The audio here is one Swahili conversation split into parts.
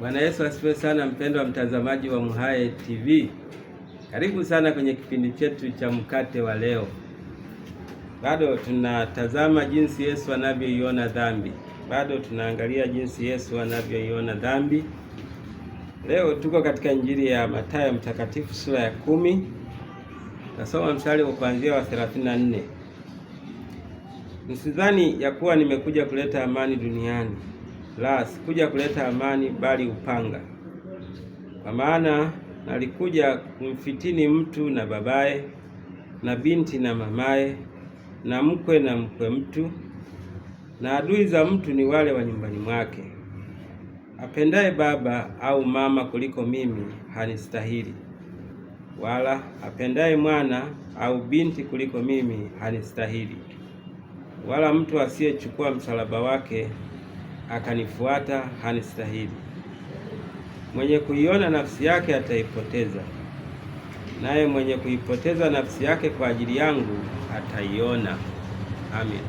Bwana Yesu asifiwe sana, mpendwa mtazamaji wa MHAE TV, karibu sana kwenye kipindi chetu cha mkate wa leo. Bado tunatazama jinsi Yesu anavyoiona dhambi, bado tunaangalia jinsi Yesu anavyoiona dhambi. Leo tuko katika Injili ya Mathayo mtakatifu sura ya kumi, nasoma mstari wa kuanzia wa 34. Msidhani ya kuwa nimekuja kuleta amani duniani la sikuja kuleta amani, bali upanga. Kwa maana nalikuja kumfitini mtu na babaye na binti na mamaye na mkwe na mkwe mtu, na adui za mtu ni wale wa nyumbani mwake. Apendaye baba au mama kuliko mimi hanistahili, wala apendaye mwana au binti kuliko mimi hanistahili, wala mtu asiyechukua msalaba wake akanifuata hanistahili. Mwenye kuiona nafsi yake ataipoteza, naye mwenye kuipoteza nafsi yake kwa ajili yangu ataiona. Amin.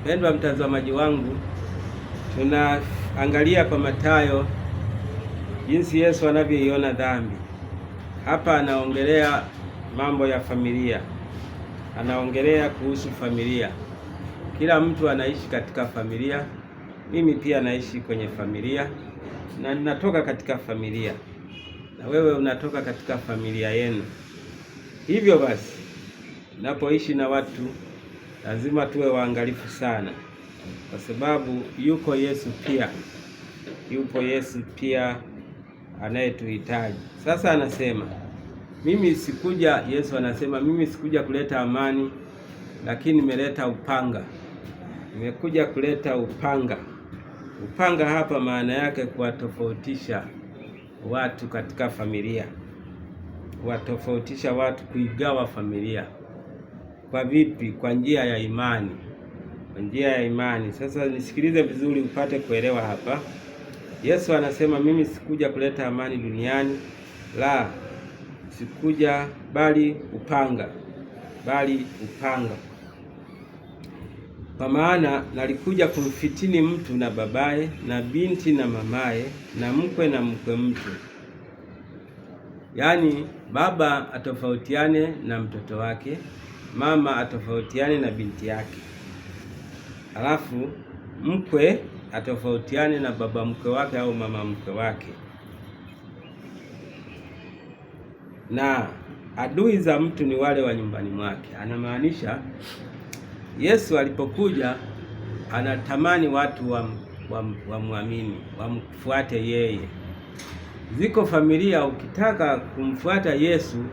Mpendwa mtazamaji wangu, tunaangalia kwa Mathayo jinsi Yesu anavyoiona dhambi. Hapa anaongelea mambo ya familia, anaongelea kuhusu familia. Kila mtu anaishi katika familia. Mimi pia naishi kwenye familia na ninatoka katika familia, na wewe unatoka katika familia yenu. Hivyo basi, napoishi na watu lazima tuwe waangalifu sana, kwa sababu yuko Yesu pia, yupo Yesu pia anayetuhitaji. Sasa anasema mimi sikuja, Yesu anasema mimi sikuja kuleta amani, lakini nimeleta upanga, nimekuja kuleta upanga. Upanga hapa maana yake kuwatofautisha watu katika familia, kuwatofautisha watu, kuigawa familia. Kwa vipi? Kwa njia ya imani, kwa njia ya imani. Sasa nisikilize vizuri, upate kuelewa hapa. Yesu anasema mimi sikuja kuleta amani duniani, la sikuja, bali upanga, bali upanga kwa maana nalikuja kumfitini mtu na babaye na binti na mamaye na mkwe na mkwe mtu. Yaani baba atofautiane na mtoto wake, mama atofautiane na binti yake, halafu mkwe atofautiane na baba mkwe wake au mama mkwe wake, na adui za mtu ni wale wa nyumbani mwake, anamaanisha Yesu alipokuja anatamani watu wamwamini, wam, wamfuate yeye. Ziko familia ukitaka kumfuata Yesu,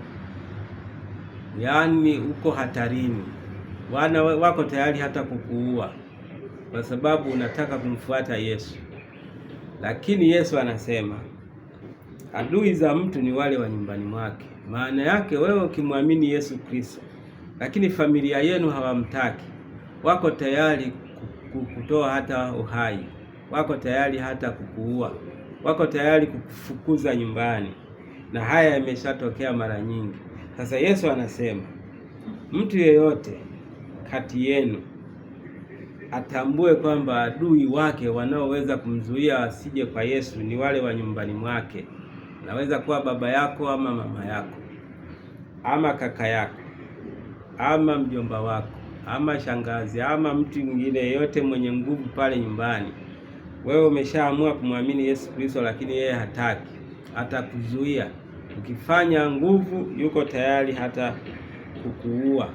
yaani uko hatarini, wana wako tayari hata kukuua kwa sababu unataka kumfuata Yesu. Lakini Yesu anasema adui za mtu ni wale wa nyumbani mwake. Maana yake wewe ukimwamini Yesu Kristo lakini familia yenu hawamtaki, wako tayari kutoa hata uhai, wako tayari hata kukuua, wako tayari kukufukuza nyumbani, na haya yameshatokea mara nyingi. Sasa Yesu anasema mtu yeyote kati yenu atambue kwamba adui wake wanaoweza kumzuia asije kwa Yesu ni wale wa nyumbani mwake. Naweza kuwa baba yako ama mama yako ama kaka yako ama mjomba wako ama shangazi ama mtu mwingine yeyote mwenye nguvu pale nyumbani, wewe umeshaamua kumwamini Yesu Kristo, lakini yeye hataki, atakuzuia. Ukifanya nguvu, yuko tayari hata kukuua.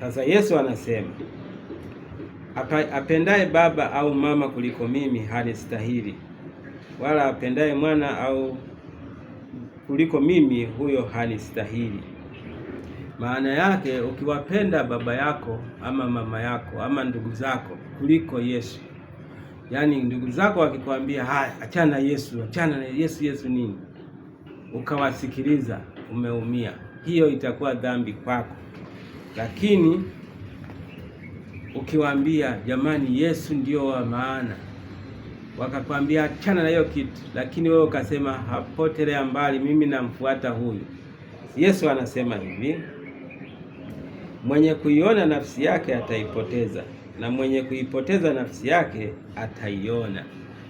Sasa Yesu anasema apendaye baba au mama kuliko mimi hanistahili, wala apendaye mwana au kuliko mimi, huyo hanistahili. Maana yake ukiwapenda baba yako ama mama yako ama ndugu zako kuliko Yesu, yaani ndugu zako wakikwambia haya, achana Yesu, achana na Yesu, Yesu nini, ukawasikiliza, umeumia. Hiyo itakuwa dhambi kwako, lakini ukiwaambia jamani, Yesu ndio wa maana, wakakwambia achana na hiyo kitu, lakini wewe ukasema hapotelea mbali, mimi namfuata huyu Yesu. Anasema hivi Mwenye kuiona nafsi yake ataipoteza, na mwenye kuipoteza nafsi yake ataiona.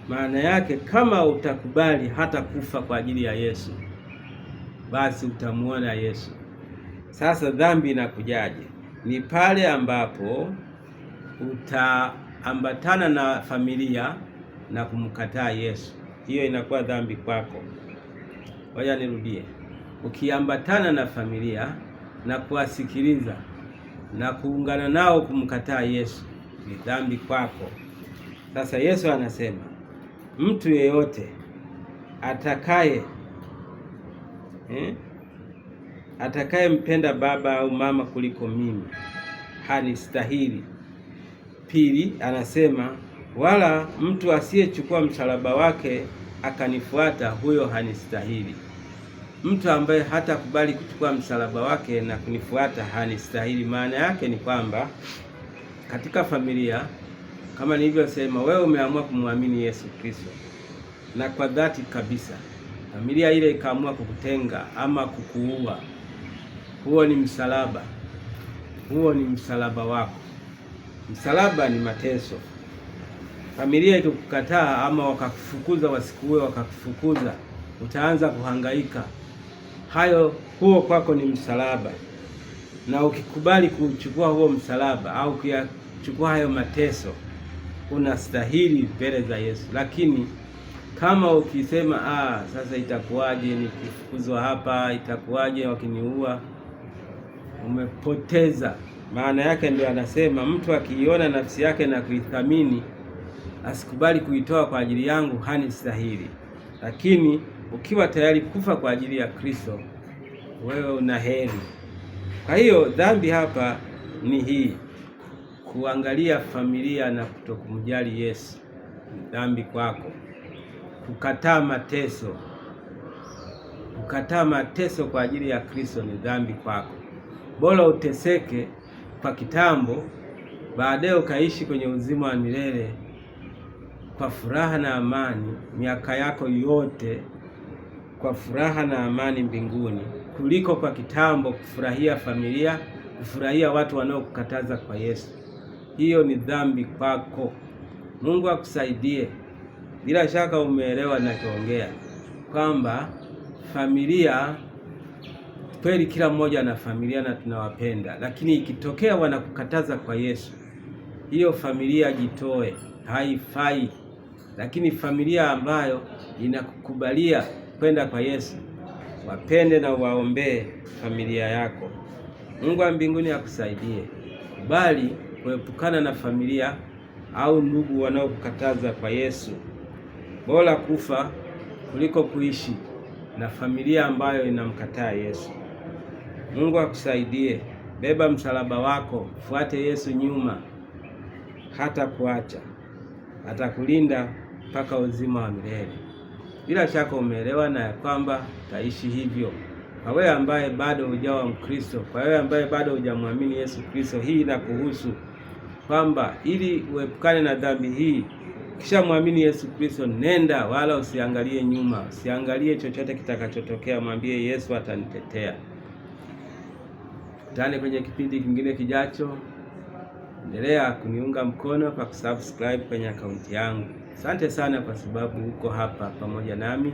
Maana yake kama utakubali hata kufa kwa ajili ya Yesu, basi utamwona Yesu. Sasa dhambi inakujaje? Ni pale ambapo utaambatana na familia na kumkataa Yesu, hiyo inakuwa dhambi kwako. Ngoja nirudie, ukiambatana na familia na kuwasikiliza na kuungana nao kumkataa Yesu ni dhambi kwako. Sasa Yesu anasema mtu yeyote atakaye eh, atakayempenda baba au mama kuliko mimi hanistahili. Pili anasema wala mtu asiyechukua msalaba wake akanifuata, huyo hanistahili mtu ambaye hatakubali kuchukua msalaba wake na kunifuata hanistahili. Maana yake ni kwamba katika familia, kama nilivyosema, wewe umeamua kumwamini Yesu Kristo na kwa dhati kabisa, familia ile ikaamua kukutenga ama kukuua, huo ni msalaba, huo ni msalaba wako. Msalaba ni mateso. Familia ikikukataa ama wakakufukuza, wasikuue, wakakufukuza, utaanza kuhangaika hayo, huo kwako ni msalaba, na ukikubali kuchukua huo msalaba au kuyachukua hayo mateso, unastahili mbele za Yesu. Lakini kama ukisema ah, sasa itakuwaje nikifukuzwa hapa, itakuwaje wakiniua, umepoteza maana yake. Ndio anasema mtu akiiona nafsi yake na kuithamini, asikubali kuitoa kwa ajili yangu, hani stahili Lakini ukiwa tayari kufa kwa ajili ya Kristo, wewe una heri. Kwa hiyo dhambi hapa ni hii, kuangalia familia na kutokumjali Yesu, dhambi kwako. Kukataa mateso, kukataa mateso kwa ajili ya Kristo ni dhambi kwako. Bora uteseke kwa kitambo, baadaye ukaishi kwenye uzima wa milele kwa furaha na amani miaka yako yote kwa furaha na amani mbinguni kuliko kwa kitambo kufurahia familia, kufurahia watu wanaokukataza kwa Yesu. Hiyo ni dhambi kwako. Mungu akusaidie. Bila shaka umeelewa ninachoongea kwamba familia kweli, kila mmoja ana familia na tunawapenda, lakini ikitokea wanakukataza kwa Yesu, hiyo familia jitoe, haifai. Lakini familia ambayo inakukubalia kwenda kwa Yesu, wapende na uwaombee familia yako. Mungu wa mbinguni akusaidie, bali kuepukana na familia au ndugu wanaokukataza kwa Yesu. Bora kufa kuliko kuishi na familia ambayo inamkataa Yesu. Mungu akusaidie, beba msalaba wako, fuate Yesu nyuma, hata kuacha atakulinda mpaka uzima wa milele. Bila shaka umeelewa na ya kwamba taishi hivyo. Kwa wewe ambaye bado hujawa Mkristo, kwa wewe ambaye bado hujamwamini Yesu Kristo, hii inakuhusu kwamba ili uepukane na dhambi hii, kisha mwamini Yesu Kristo, nenda wala usiangalie nyuma, usiangalie chochote kitakachotokea. Mwambie Yesu atanitetea. Tutane kwenye kipindi kingine kijacho. Endelea kuniunga mkono kwa kusubscribe kwenye akaunti yangu. Asante sana kwa sababu uko hapa pamoja nami,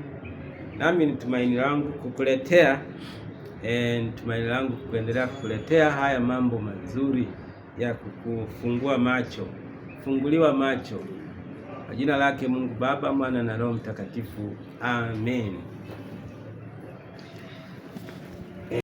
nami ni tumaini langu kukuletea e, ni tumaini langu kuendelea kukuletea haya mambo mazuri ya kukufungua macho, kufunguliwa macho. Kwa jina lake Mungu Baba, Mwana na Roho Mtakatifu, amen.